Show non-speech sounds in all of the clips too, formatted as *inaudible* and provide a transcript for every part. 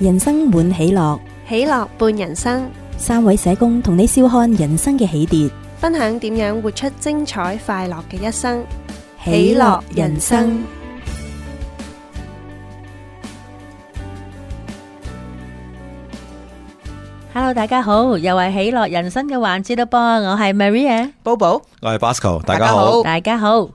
人生滿喜樂，喜樂伴人生。三位社工同你笑看人生嘅起跌，分享點樣活出精彩快樂嘅一生。喜樂人生。Hello，大家好，又係喜樂人生嘅環節啦，我係 Maria，Bobo，我係 Bosco，大家好，大家好，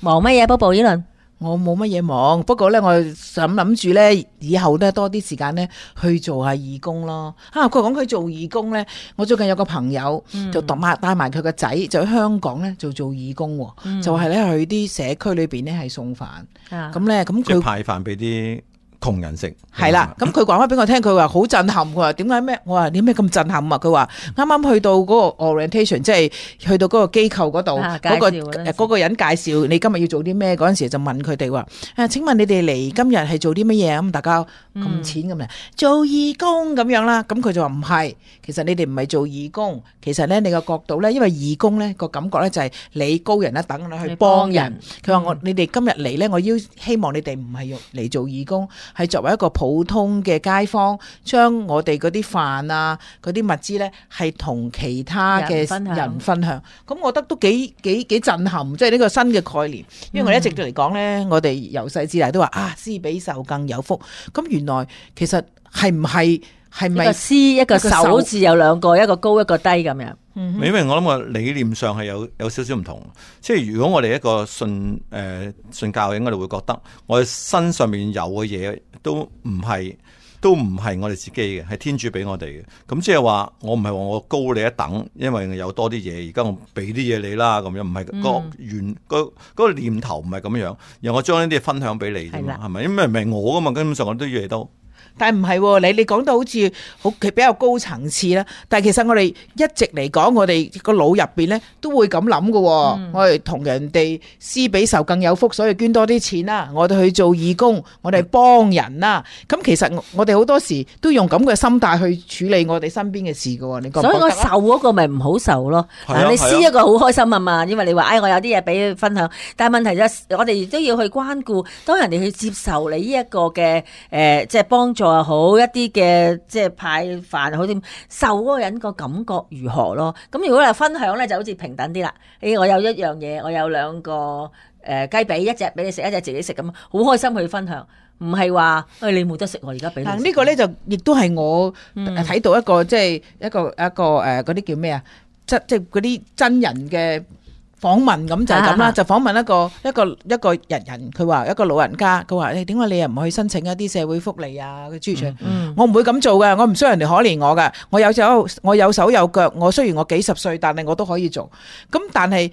忙乜嘢，Bobo 依輪？我冇乜嘢忙，不過咧，我想諗住咧，以後咧多啲時間咧去做下義工咯。嚇、啊，佢講佢做義工咧，我最近有個朋友、嗯、就帶埋佢個仔，就喺香港咧就做、做義工喎，嗯、就係咧去啲社區裏邊咧係送飯，咁咧咁佢窮人食係啦，咁佢講翻俾我聽，佢話好震撼。佢話點解咩？我話點解咁震撼啊？佢話啱啱去到嗰個 orientation，即係去到嗰個機構嗰度，嗰個誒嗰個人介紹你今日要做啲咩嗰陣時，就問佢哋話誒，請問你哋嚟今日係做啲乜嘢啊？咁大家咁錢咁啊，做義工咁樣啦。咁佢就話唔係，其實你哋唔係做義工，其實咧你個角度咧，因為義工咧個感覺咧就係你高人一等，你去幫人。佢話我你哋今日嚟咧，我要希望你哋唔係用嚟做義工。係作為一個普通嘅街坊，將我哋嗰啲飯啊、嗰啲物資呢，係同其他嘅人分享。咁我覺得都幾幾震撼，即係呢個新嘅概念。因為我一直都嚟講呢，mm. 我哋由細至大都話啊，施比受更有福。咁原來其實係唔係？係咪？是是一個 C 一個手字有兩個，一個高一個低咁樣。明明我諗個理念上係有有少少唔同。即係如果我哋一個信誒、呃、信教嘅，我哋會覺得我身上面有嘅嘢，都唔係都唔係我哋自己嘅，係天主俾我哋嘅。咁即係話我唔係話我高你一等，因為有多啲嘢，而家我俾啲嘢你啦。咁樣唔係、嗯、個原、嗰個念頭唔係咁樣然後我將呢啲嘢分享俾你，係咪的？因為唔係我噶嘛，根本上我都要你都。但係唔係喎？你你講到好似好佢比較高層次啦。但係其實我哋一直嚟講，我哋個腦入邊咧都會咁諗嘅。嗯、我哋同人哋施比受更有福，所以捐多啲錢啦。我哋去做義工，我哋幫人啦。咁、嗯、其實我哋好多時都用咁嘅心態去處理我哋身邊嘅事嘅喎。你覺，覺？所以我受嗰個咪，唔好受咯。嗱、啊，你施一個好開心啊嘛，啊因為你話誒我有啲嘢俾分享。但係問題就我哋都要去關顧當人哋去接受你呢、這、一個嘅誒、呃、即係幫。做又好一啲嘅即係派飯，好似受嗰個人個感覺如何咯？咁如果話分享咧，就好似平等啲啦。咦，我有一樣嘢，我有兩個誒雞髀，一隻俾你食，一隻自己食咁，好開心去分享。唔係話誒你冇得食，我而家俾你。嗱呢個咧就亦都係我睇到一個即係一個一個誒嗰啲叫咩啊？即即係嗰啲真人嘅。訪問咁就係咁啦，啊、就訪問一個一個一個人人，佢話一個老人家，佢話誒點解你又唔去申請一啲社會福利啊？諸如此類，我唔會咁做嘅，我唔需要人哋可憐我嘅，我有手，我有手有腳，我雖然我幾十歲，但係我都可以做。咁但係。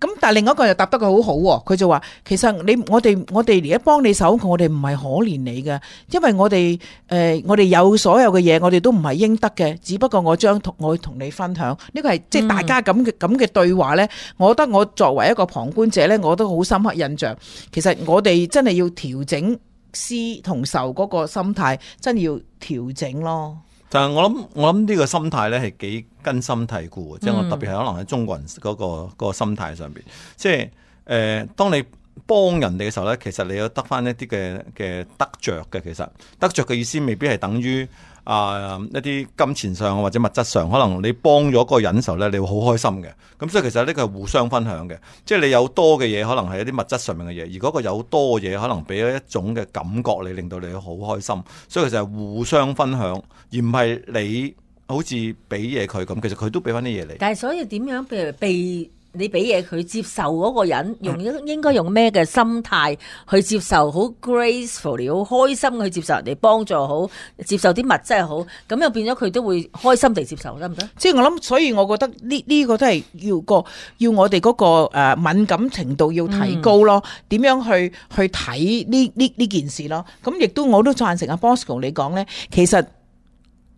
咁但係另一個又答得佢好好，佢就話其實你，我哋我哋而家幫你手，我哋唔係可憐你嘅，因為我哋誒、呃、我哋有所有嘅嘢，我哋都唔係應得嘅，只不過我將同我同你分享呢、這個係即係大家咁嘅咁嘅對話咧。我覺得我作為一個旁觀者咧，我都好深刻印象。其實我哋真係要調整施同受嗰個心態，真係要調整咯。就係我諗，我諗呢個心態咧係幾根深蒂固嘅。嗯、即係我特別係可能喺中國人嗰、嗰個嗰個心態上邊，即係誒、呃，當你，幫人哋嘅時候呢，其實你要得翻一啲嘅嘅得着嘅，其實得着嘅意思未必係等於啊、呃、一啲金錢上或者物質上，可能你幫咗嗰個人嘅時候呢，你會好開心嘅。咁所以其實呢個係互相分享嘅，即係你有多嘅嘢，可能係一啲物質上面嘅嘢；而嗰個有多嘅嘢，可能俾咗一種嘅感覺你，令到你好開心。所以其實係互相分享，而唔係你好似俾嘢佢咁，其實佢都俾翻啲嘢你。但係所以點樣譬如被你俾嘢佢接受嗰個人，用應應該用咩嘅心態去接受？好 graceful 好開心去接受人哋幫助好，好接受啲物質好，咁又變咗佢都會開心地接受得唔得？即係我諗，所以我覺得呢呢個都係要個要我哋嗰個誒敏感程度要提高咯。點、嗯、樣去去睇呢呢呢件事咯？咁亦都我都贊成阿 Bosco 你講咧，其實。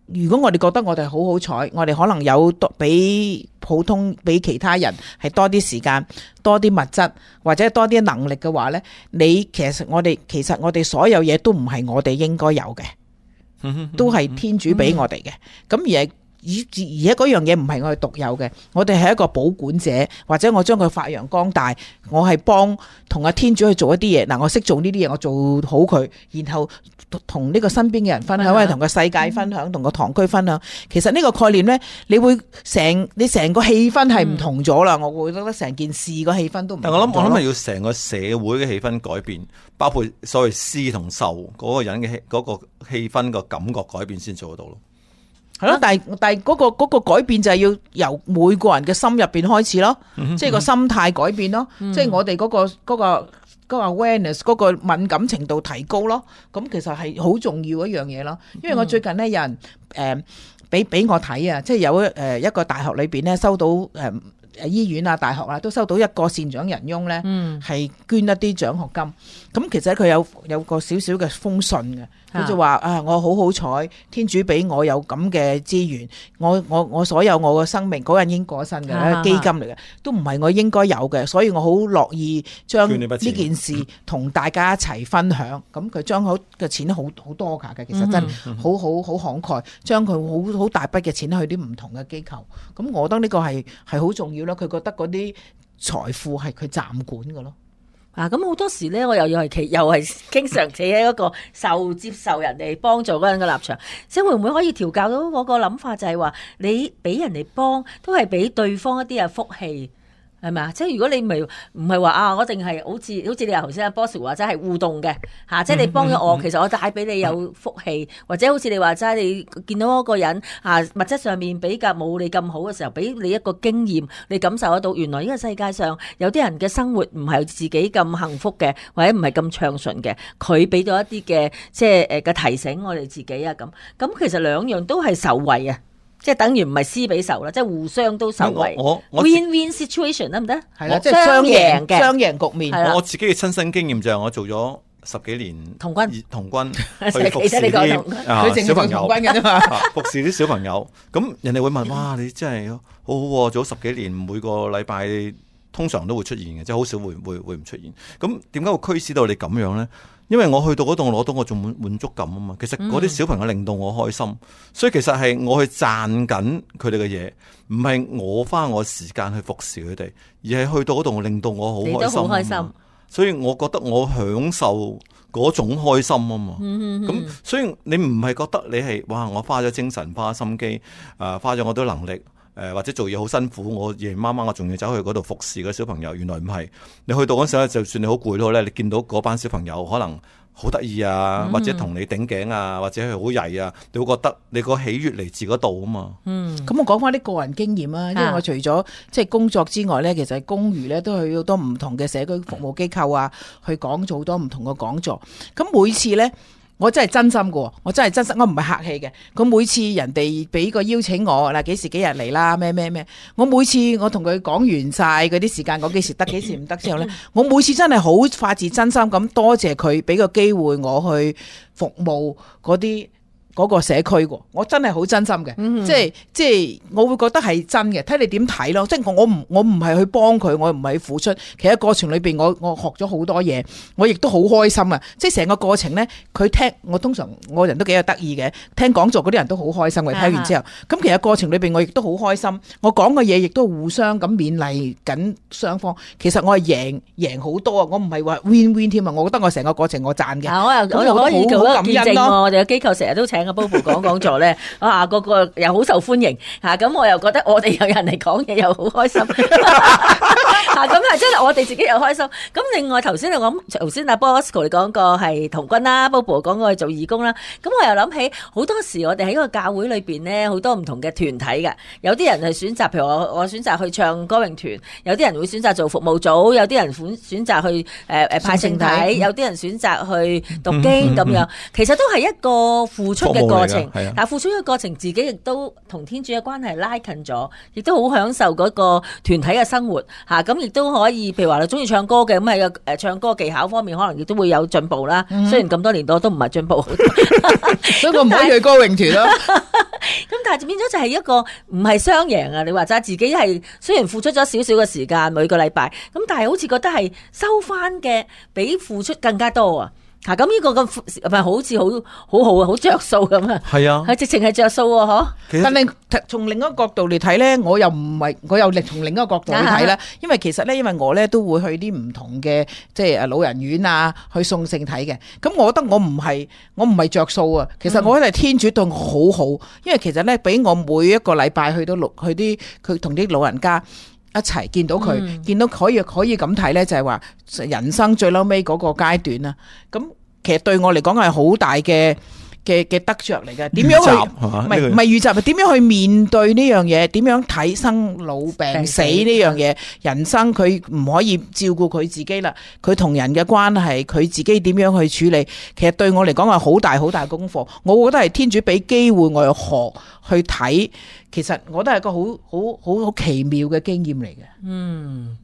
如果我哋覺得我哋好好彩，我哋可能有多比普通比其他人係多啲時間、多啲物質或者多啲能力嘅話呢，你其實我哋，其實我哋所有嘢都唔係我哋應該有嘅，都係天主俾我哋嘅。咁而係。以而家嗰樣嘢唔係我哋獨有嘅，我哋係一個保管者，或者我將佢發揚光大。我係幫同阿天主去做一啲嘢。嗱，我識做呢啲嘢，我做好佢，然後同呢個身邊嘅人分享，同個、嗯、世界分享，同個堂區分享。其實呢個概念呢，你會成你成個氣氛係唔同咗啦。嗯、我會覺得成件事個氣氛都唔同，但係我諗我諗係要成個社會嘅氣氛改變，包括所謂施同受嗰個人嘅嗰、嗰個氣氛個感覺改變先做得到咯。係咯，但係但係嗰個嗰個改變就係要由每個人嘅心入邊開始咯，即係個心態改變咯，即係我哋嗰個嗰個嗰個 awareness 嗰個敏感程度提高咯，咁其實係好重要一樣嘢咯。因為我最近咧有人誒俾俾我睇啊，即係有誒一個大學裏邊咧收到誒。誒醫院啊、大學啊，都收到一個善長人翁咧，係、嗯、捐一啲獎學金。咁其實佢有有個少少嘅封信嘅，佢就話的啊，我好好彩，天主俾我有咁嘅資源，我我我所有我嘅生命嗰陣已經過身嘅的基金嚟嘅，都唔係我應該有嘅，所以我好樂意將呢的件事同 *laughs* 大家一齊分享。咁佢將佢嘅錢好好多㗎嘅，其實真係好好好慷慨，將佢好好大筆嘅錢去啲唔同嘅機構。咁我覺得呢個係係好重要。佢覺得嗰啲財富係佢暫管嘅咯。啊，咁好多時咧，我又要係企又係經常企喺一個受接受人哋幫助嗰陣嘅立場，即係 *laughs* 會唔會可以調教到我個諗法，就係、係、話你俾人哋幫，都係俾對方一啲啊福氣。係咪啊，啊？即係如果你唔係唔係話啊，我淨係好似好似你頭先阿 boss 話齋，即係互動嘅嚇。即係你幫咗我，其實我帶俾你有福氣，或者好似你話齋，你見到一個人嚇、啊、物質上面比較冇你咁好嘅時候，俾你一個經驗，你感受得到原來呢個世界上有啲人嘅生活唔係自己咁幸福嘅，或者唔係咁暢順嘅，佢俾到一啲嘅即係誒嘅提醒我哋自己啊咁。咁其實兩樣都係受惠啊！即係等於唔係施比受啦，即係互相都受惠，win win situation 得唔得？係啦的，即係雙贏嘅雙贏局面。的我自己嘅親身經驗就係我做咗十幾年童軍，童軍去服侍啲小朋友，軍啊啊、服侍啲小朋友。咁人哋會問：哇，你真係好好、啊，做咗十幾年，每個禮拜通常都會出現嘅，即係好少會會會唔出現。咁點解會驅使到你咁樣咧？因為我去到嗰度攞到我仲滿滿足感啊嘛，其實嗰啲小朋友令到我開心，嗯、所以其實係我去賺緊佢哋嘅嘢，唔係我花我時間去服侍佢哋，而係去到嗰度令到我好開，開心，你都好開心，所以我覺得我享受嗰種開心啊嘛，咁所以你唔係覺得你係哇我花咗精神花心機誒、呃、花咗好多能力。誒，或者做嘢好辛苦，我夜晚晚我仲要走去嗰度服侍嗰小朋友，原來唔係，你去到嗰時候，就算你好攰都好咧，你見到嗰班小朋友可能好得意啊，或者同你頂頸啊，或者係好曳啊，你會覺得你個喜悦嚟自嗰度啊嘛。嗯，咁我講翻啲個人經驗啊，因為我除咗即係工作之外咧，啊、其實工餘咧都去好多唔同嘅社區服務機構啊，去講咗好多唔同嘅講座。咁每次咧。我真係真心噶，我真係真心，我唔係客氣嘅。佢每次人哋俾個邀請我嗱，幾時幾日嚟啦？咩咩咩？我每次我同佢講完晒嗰啲時間，講幾時得，幾時唔得之後呢，我每次真係好發自真心咁多謝佢俾個機會我去服務嗰啲嗰個社區喎，我真係好真心嘅、嗯哼，即係即係我會覺得係真嘅，睇你點睇咯。即係我唔我唔係去幫佢，我唔係去付出。其實過程裏邊，我我學咗好多嘢，我亦都好開心啊！即係成個過程咧，佢聽我通常我人都幾有得意嘅，聽講座嗰啲人都好開心嘅。聽完之後，咁是其實過程裏邊我亦都好開心，我講嘅嘢亦都互相咁勉勵緊雙方。其實我係贏贏好多啊！我唔係話 win win 添啊！我覺得我成個過程我讚嘅、啊。我又我又可以做感、啊、我哋嘅、啊、機構成日都請。阿 Bobo 講講座咧，啊個個又好受歡迎，吓咁我又覺得我哋有人嚟講嘢又好開心。嗱、 *laughs* *laughs* 嗯，咁係真係我哋自己又開心。咁另外頭先我諗，頭先阿 Bosco 你講過係童軍啦，Bobo 講過去做義工啦。咁我又諗起好多時，我哋喺個教會裏邊咧，好多唔同嘅團體嘅。有啲人係選擇，譬如我我選擇去唱歌詠團，有啲人會選擇做服務組，有啲人選選擇去誒誒、呃、派聖體，有啲人選擇去讀經咁、 *laughs* 嗯嗯嗯、樣。其實都係一個付出嘅過程，但係付出嘅個過程，自己亦都同天主嘅關係拉近咗，亦都好享受嗰個團體嘅生活。嚇、嗯咁亦都可以，譬如話你中意唱歌嘅，咁喺個誒唱歌技巧方面，可能亦都會有進步啦。嗯、雖然咁多年多都唔係進步 *laughs* *laughs* *laughs* 是，所以我唔可以去歌詠團咯。咁但係就變咗就係一個唔係雙贏啊！你話齋自己係雖然付出咗少少嘅時間，每個禮拜，咁但係好似覺得係收翻嘅比付出更加多啊！嗱，咁呢個咁唔好似好好好啊，這個、好着數咁啊？係啊，係直情係着數喎，嗬。但另從另一個角度嚟睇咧，我又唔係，我又另從另一個角度去睇啦。 *laughs* 因為其實咧，因為我咧都會去啲唔同嘅，即係誒老人院啊，去送聖體嘅。咁我覺得我唔係，我唔係着數啊。其實我覺得天主對我好好，因為其實咧，俾我每一個禮拜去到六，去啲佢同啲老人家。一齊見到佢，嗯、見到可以可以咁睇呢，就係話人生最嬲尾嗰個階段啦。咁其實對我嚟講係好大嘅。嘅嘅得着嚟嘅。點樣去唔係唔係預習啊？點樣去面對呢樣嘢？點樣睇生老病、病死呢樣嘢？人生佢唔可以照顧佢自己啦，佢同人嘅關係，佢自己點樣去處理？其實對我嚟講係好大好大功課。我覺得係天主俾機會我去學去睇，其實我都係個好好好好奇妙嘅經驗嚟嘅。嗯。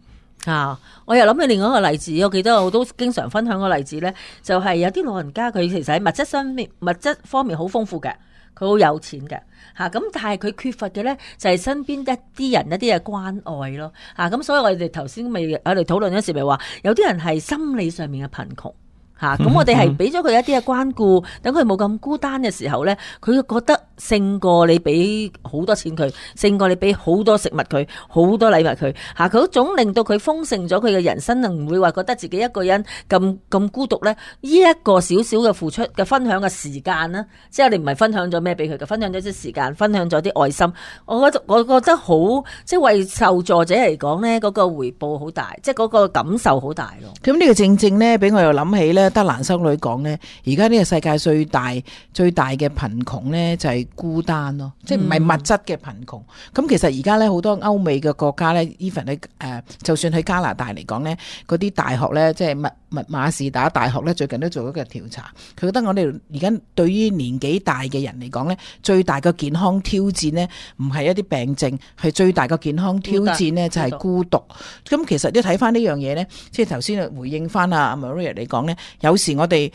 啊！我又諗起另外一個例子，我記得我都經常分享個例子咧，就係、是、有啲老人家佢其實喺物質方面物質方面好豐富嘅，佢好有錢嘅吓，咁、啊、但係佢缺乏嘅咧就係、是、身邊一啲人一啲嘅關愛咯。吓、啊、咁，所以我哋頭先咪喺度討論嗰時咪話，有啲人係心理上面嘅貧窮吓，咁、啊、我哋係俾咗佢一啲嘅關顧，等佢冇咁孤單嘅時候咧，佢就覺得。勝過你俾好多錢佢，勝過你俾好多食物佢，好多禮物佢，吓，佢總令到佢豐盛咗，佢嘅人生唔會話覺得自己一個人咁咁孤獨咧。呢一個少少嘅付出嘅分享嘅時間啦，即係你唔係分享咗咩俾佢嘅，分享咗啲時間，分享咗啲愛心。我覺我覺得好，即係為受助者嚟講咧，嗰個回報好大，即係嗰個感受好大咯。咁呢個正正咧，俾我又諗起咧，德蘭修女講咧，而家呢個世界最大最大嘅貧窮咧就係。孤單咯，即係唔係物質嘅貧窮。咁、嗯、其實而家咧好多歐美嘅國家咧，even 喺誒，就算喺加拿大嚟講咧，嗰啲大學咧，即係麥馬士打大學咧，最近都做咗個調查。佢覺得我哋而家對於年紀大嘅人嚟講咧，最大嘅健康挑戰咧，唔係一啲病症，係最大嘅健康挑戰咧就係孤獨。咁其實一睇翻呢樣嘢咧，即係頭先啊，回應翻啊阿 Maria 嚟講咧，有時我哋。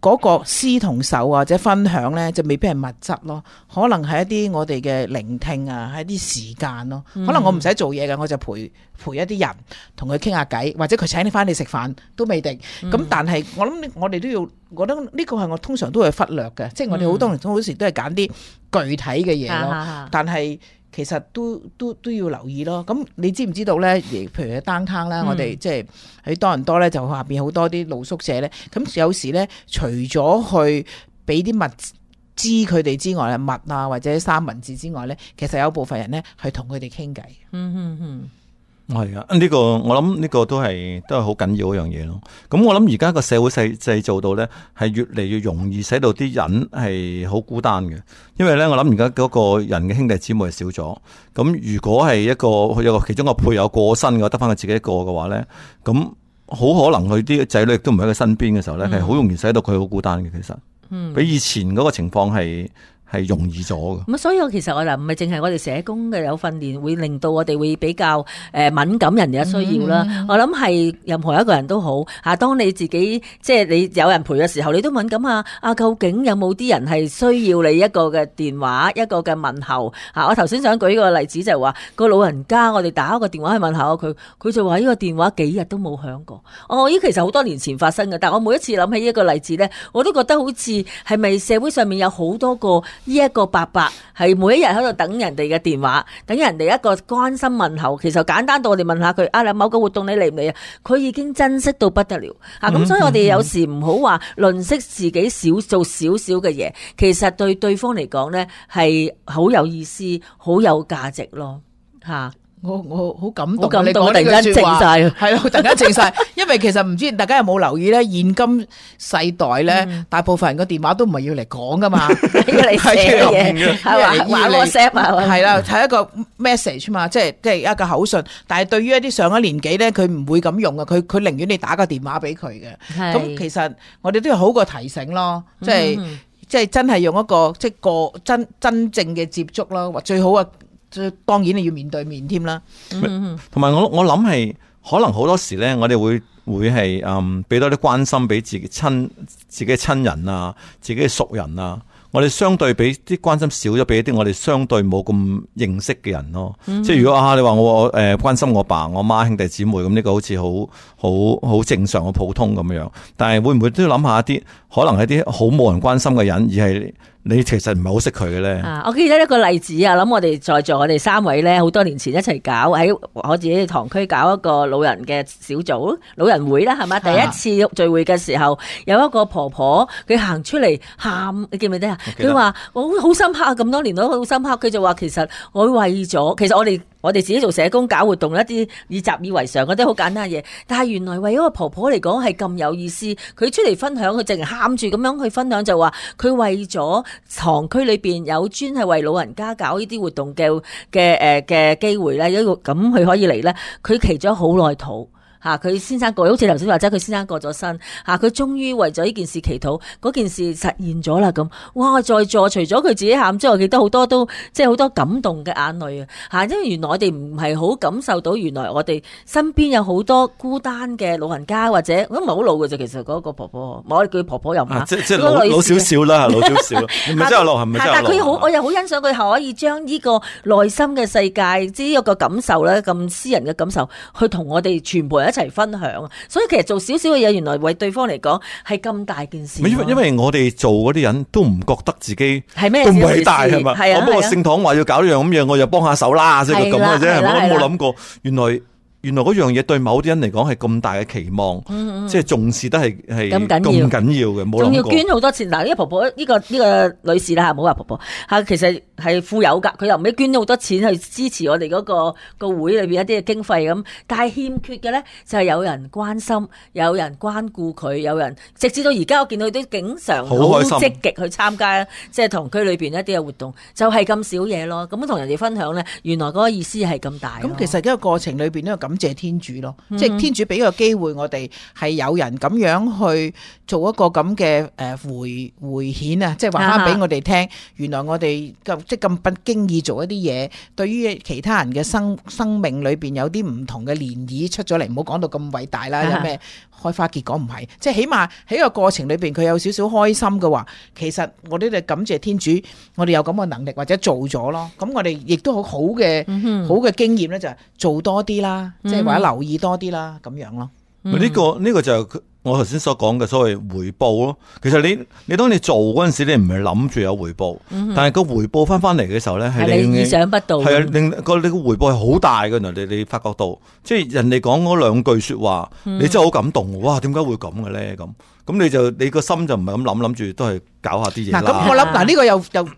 嗰個施同受或者分享呢，就未必係物質咯，可能係一啲我哋嘅聆聽啊，係一啲時間咯。可能我唔使做嘢嘅，我就陪陪一啲人，同佢傾下偈，或者佢請你翻嚟食飯都未定。咁但係我諗，我哋都要，我覺得呢個係我通常都會忽略嘅，即係、嗯、我哋好多時都好時都係揀啲具體嘅嘢咯，但係。其實都都都要留意咯。咁你知唔知道咧？譬如喺單攤啦， *noise* 我哋即係喺多人多咧，就下邊好多啲露宿者咧。咁有時咧，除咗去俾啲物資佢哋之外啊，物啊或者三文治之外咧，其實有部分人咧係同佢哋傾偈。嗯嗯嗯。 *music* 係啊，呢、這個我諗呢個都係都係好緊要一樣嘢咯。咁、嗯、我諗而家個社會世製造到咧，係越嚟越容易，使到啲人係好孤單嘅。因為咧，我諗而家嗰個人嘅兄弟姊妹係少咗。咁、嗯嗯、如果係一個佢有個其中個配偶過身嘅話，得翻佢自己一個嘅話咧，咁好可能佢啲仔女都唔喺佢身邊嘅時候咧，係好容易使到佢好孤單嘅。其實，嗯，比以前嗰個情況係。係容易咗嘅，咁、嗯、所以我其實我嗱，唔係淨係我哋社工嘅有訓練，會令到我哋會比較誒敏感人嘅需要啦。嗯、我諗係任何一個人都好，吓，當你自己即係你有人陪嘅時候，你都敏感下啊，究竟有冇啲人係需要你一個嘅電話、一個嘅問候？吓、啊，我頭先想舉一個例子就係、是、話、個老人家，我哋打個電話去問候佢，佢就話呢個電話幾日都冇響過。哦，呢其實好多年前發生嘅，但係我每一次諗起呢一個例子咧，我都覺得好似係咪社會上面有好多個？呢一個伯伯係每一日喺度等人哋嘅電話，等人哋一個關心問候。其實簡單到我哋問下佢啊，某個活動你嚟唔嚟啊？佢已經珍惜到不得了嗯嗯嗯啊！咁所以我哋有時唔好話吝嗇自己少做少少嘅嘢，其實對對方嚟講呢，係好有意思、好有價值咯，吓、啊。我我好感動，你講呢句說話，係咯，突然間靜晒，因為其實唔知大家有冇留意咧？現今世代咧，大部分人個電話都唔係要嚟講噶嘛，要嚟寫嘅，係嘛，玩 WhatsApp 啊，係啦，睇一個 message 嘛，即係即係一個口信。但係對於一啲上一年紀咧，佢唔會咁用嘅，佢佢寧願你打個電話俾佢嘅。咁其實我哋都有好過提醒咯，即係即係真係用一個即個真真正嘅接觸咯，或最好啊。就當然你要面對面添、嗯、啦，同埋我我諗係可能好多時咧，我哋會會係嗯俾多啲關心俾自己親自己親人啊，自己嘅熟人啊，我哋相對俾啲關心少咗俾啲我哋相對冇咁認識嘅人咯、啊。嗯、哼即係如果嚇、啊、你話我我誒關心我爸、我媽、兄弟姊妹咁呢個好似好好好正常、好普通咁樣，但係會唔會都要諗下一啲可能係啲好冇人關心嘅人而係？你其實唔係好識佢嘅咧。啊，我記得一個例子啊，諗我哋在座我哋三位咧，好多年前一齊搞喺我自己堂區搞一個老人嘅小組、老人會啦，係咪？第一次聚會嘅時候，有一個婆婆佢行出嚟喊，你記唔記得啊？佢話 Okay.，我好深刻，咁多年都好深刻。佢就話其實我為咗，其實我哋。我哋自己做社工搞活動，一啲以習以為常嗰啲好簡單嘅嘢，但係原來為咗個婆婆嚟講係咁有意思，佢出嚟分享，佢淨係喊住咁樣去分享就話，佢為咗堂區裏邊有專係為老人家搞呢啲活動嘅嘅誒嘅機會咧，一個咁佢可以嚟咧，佢企咗好耐途。吓佢先生過，好似頭先或者佢先生過咗身，吓佢終於為咗呢件事祈禱，嗰件事實現咗啦咁。哇！在座除咗佢自己喊之外，記得好多都即係好多感動嘅眼淚啊！吓，因為原來我哋唔係好感受到，原來我哋身邊有好多孤單嘅老人家，或者我都唔係好老嘅啫。其實嗰、那個婆婆，我叫婆婆又唔係，啊，即即係老，老少少啦，老少少。 *laughs* 真真但係但佢好，我又好欣賞佢，可以將呢個內心嘅世界，即係一個感受咧，咁私人嘅感受，去同我哋全部人，一齊分享，所以其實做少少嘅嘢，原來為對方嚟講係咁大件事。咪因為因為我哋做嗰啲人都唔覺得自己係咩事，都唔係咁偉大係嘛。我不過聖堂話要搞呢樣咁樣，我又幫下手啦，即係咁嘅啫。我冇諗過，原來原來嗰樣嘢對某啲人嚟講係咁大嘅期望，即係重視得係係咁緊要嘅。冇諗過。仲要捐好多錢嗱，呢個婆婆呢個呢個女士啦，唔好話婆婆吓，其實。係富有㗎，佢又唔使捐咗好多錢去支持我哋嗰，那個個會裏邊一啲嘅經費咁，但係欠缺嘅咧就係、是，有人關心，有人關顧佢，有人直至到而家我見到佢都經常好積極去參加，即係同區裏邊一啲嘅活動，就係咁少嘢咯。咁同人哋分享咧，原來嗰個意思係咁大。咁其實呢個過程裏邊都要感謝天主咯，嗯嗯即係天主俾個機會我哋係有人咁樣去做一個咁嘅誒回回遣啊，即係話翻俾我哋聽，哈哈原來我哋即咁不經意做一啲嘢，對於其他人嘅生生命裏邊有啲唔同嘅漣漪出咗嚟，唔好講到咁偉大啦。有咩開花結果唔係，即係起碼喺個過程裏邊佢有少少開心嘅話，其實我哋都感謝天主，我哋有咁嘅能力或者做咗咯。咁我哋亦都好好嘅好嘅經驗咧，就係做多啲啦，即係或者留意多啲啦咁樣咯。呢個呢個就佢。我頭先所講嘅所謂回報咯，其實你你當你做嗰陣時，你唔係諗住有回報，嗯、哼但係個回報翻翻嚟嘅時候咧，係你意想不到，係啊，令個你個回報係好大嘅。人哋你發覺到，即係人哋講嗰兩句說話，你真係好感動。哇，點解會咁嘅咧？咁咁你就你個心就唔係咁諗諗住，都係搞下啲嘢啦。嗱、嗯，咁我諗嗱呢個又又。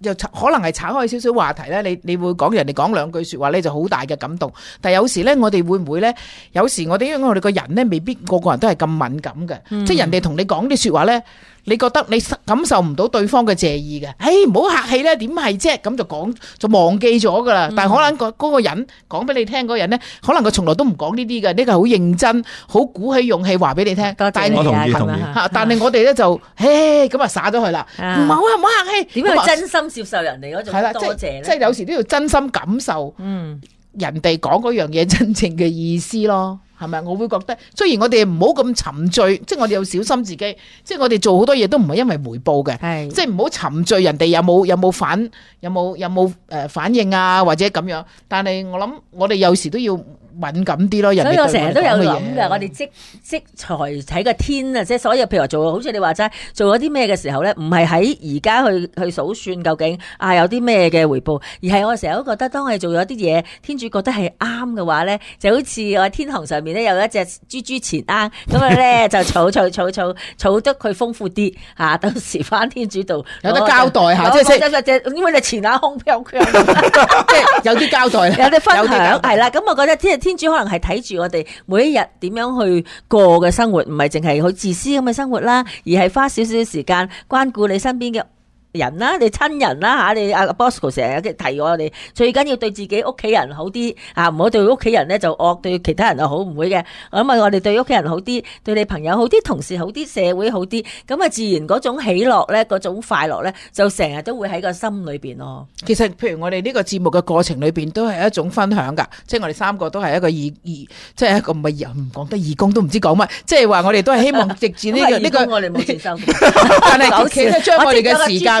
又可能係炒開少少話題咧，你你會講人哋講兩句説話咧，就好大嘅感動。但係有時咧，我哋會唔會咧？有時我哋因為我哋個人咧，未必個個人都係咁敏感嘅。嗯、即係人哋同你講啲説話咧。你覺得你感受唔到對方嘅謝意嘅？誒，唔好客氣咧，點係啫？咁就講就忘記咗㗎喇。但係可能嗰嗰個人講俾你聽，嗰人咧，可能佢從來都唔講呢啲嘅。呢個好認真，好鼓起勇氣話俾你聽。多謝我同意嚇。但係我哋咧就誒咁啊耍咗佢啦。唔好啊，唔好客氣。點樣真心接受人哋嗰種多謝咧？即係有時都要真心感受，嗯，人哋講嗰樣嘢真正嘅意思咯。係咪？我會覺得，雖然我哋唔好咁沉醉，即係我哋要小心自己，即係我哋做好多嘢都唔係因為回報嘅，係即係唔好沉醉人哋有冇有冇反有冇有冇誒、呃、反應啊或者咁樣。但係我諗，我哋有時都要。敏感啲咯，所以我成日都有諗㗎！我哋積積財喺個天啊，即係所有譬如做，好似你話齋做咗啲咩嘅時候咧，唔係喺而家去去數算究竟啊有啲咩嘅回報，而係我成日都覺得當我哋做咗啲嘢，天主覺得係啱嘅話咧，就好似我天堂上面咧有一隻豬豬錢罌，咁啊咧就儲儲儲儲儲，儲得佢豐富啲嚇、啊，到時返天主度有得交代下先，因為你錢罌空飄飄，即係、 *laughs* okay, 有啲交代， *laughs* 有啲分享係啦。咁我覺得天主可能係睇住我哋每一日點樣去過嘅生活，唔係淨係好自私咁嘅生活啦，而係花少少時間關顧你身邊嘅。人啦、啊，你親人啦嚇，你阿、啊、Bosco 成日提我哋，最緊要對自己屋企人好啲嚇，唔好對屋企人咧就惡，對其他人又好，唔會嘅。咁啊，我哋對屋企人好啲，對你朋友好啲，同事好啲，社會好啲，咁啊，自然嗰種喜樂咧，嗰種快樂咧，就成日都會喺個心裏邊咯、啊。其實，譬如我哋呢個節目嘅過程裏邊，都係一種分享㗎，即係我哋三個都係一個義義，即係一個唔係人唔講得義工都唔知講乜，即係話我哋都係希望藉住呢個呢個，我哋冇接收，但係其， *laughs* 說笑 其實將我哋嘅時間、啊。